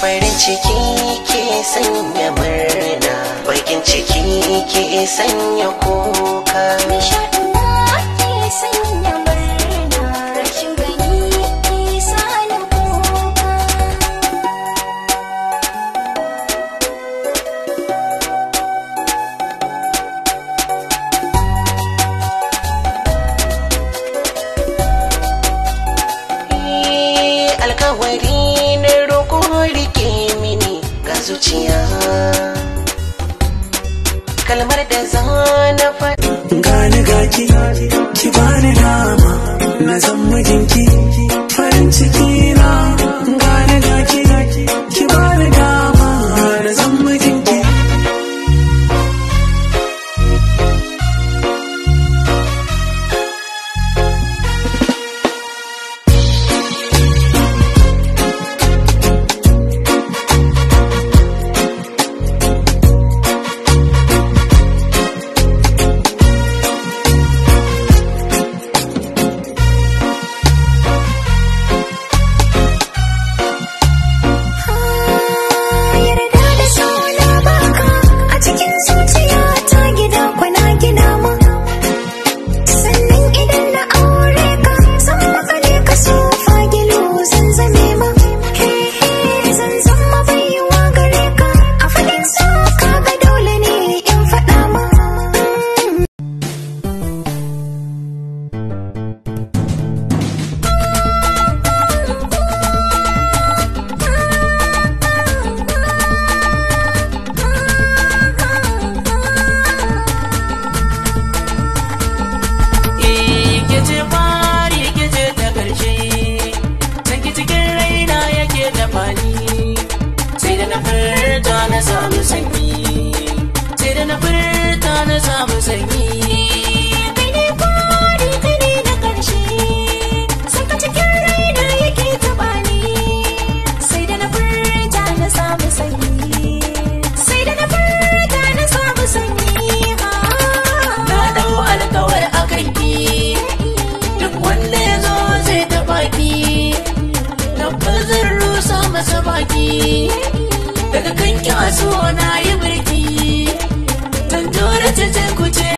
farin ciki ke sanya murna bakin ciki ke sanya kuka nishadi ma ke sanya murna rashin gani ke sani kuka eh, alkawari kalmar da zana faɗi gani gaki ki bani dama na zan mijinki farin ciki na samu sanyi sai da na furta na samu so na yi birki. Kan tura ku